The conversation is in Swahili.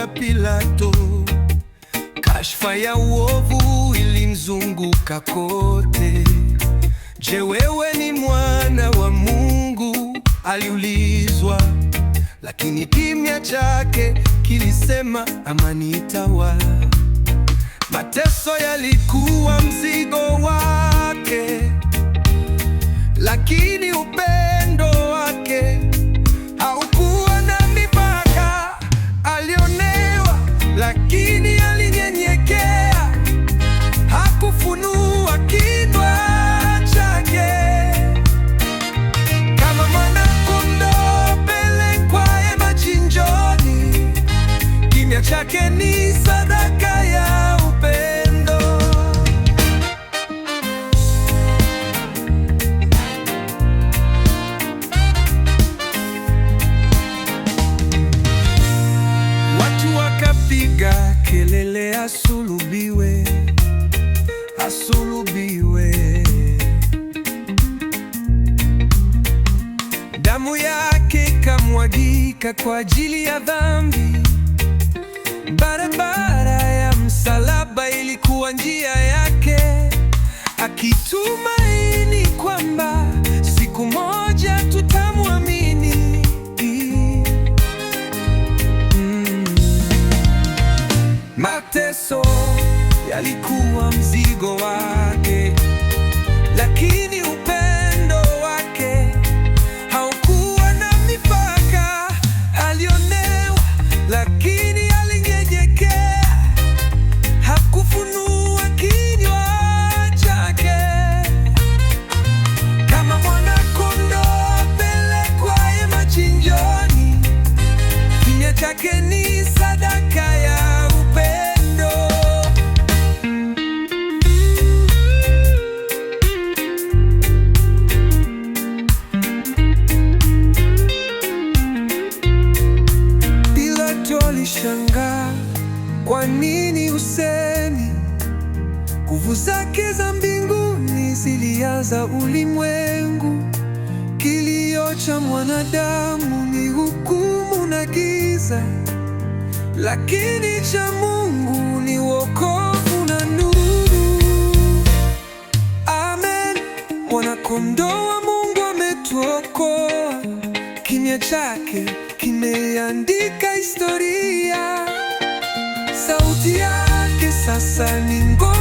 ya Pilato, kashfa ya uovu ilimzunguka kote. Je, wewe ni mwana wa Mungu? aliulizwa, lakini kimya chake kilisema amani itawala. Mateso yalikuwa mzito asulubiwe, asulubiwe. Damu yake ikamwagika kwa ajili ya dhambi. Barabara ya msalaba ilikuwa njia yake akituma mateso yalikuwa mzigo wake, lakini walishangaa kwa nini useni? nguvu zake za mbinguni zilianza ulimwengu. Kilio cha mwanadamu ni hukumu na giza, lakini cha Mungu ni wokovu na nuru. Amen. Mwanakondoo wa Mungu ametuokoa, kimya chake kimeandika historia. Sauti yake sasa ni ngoma.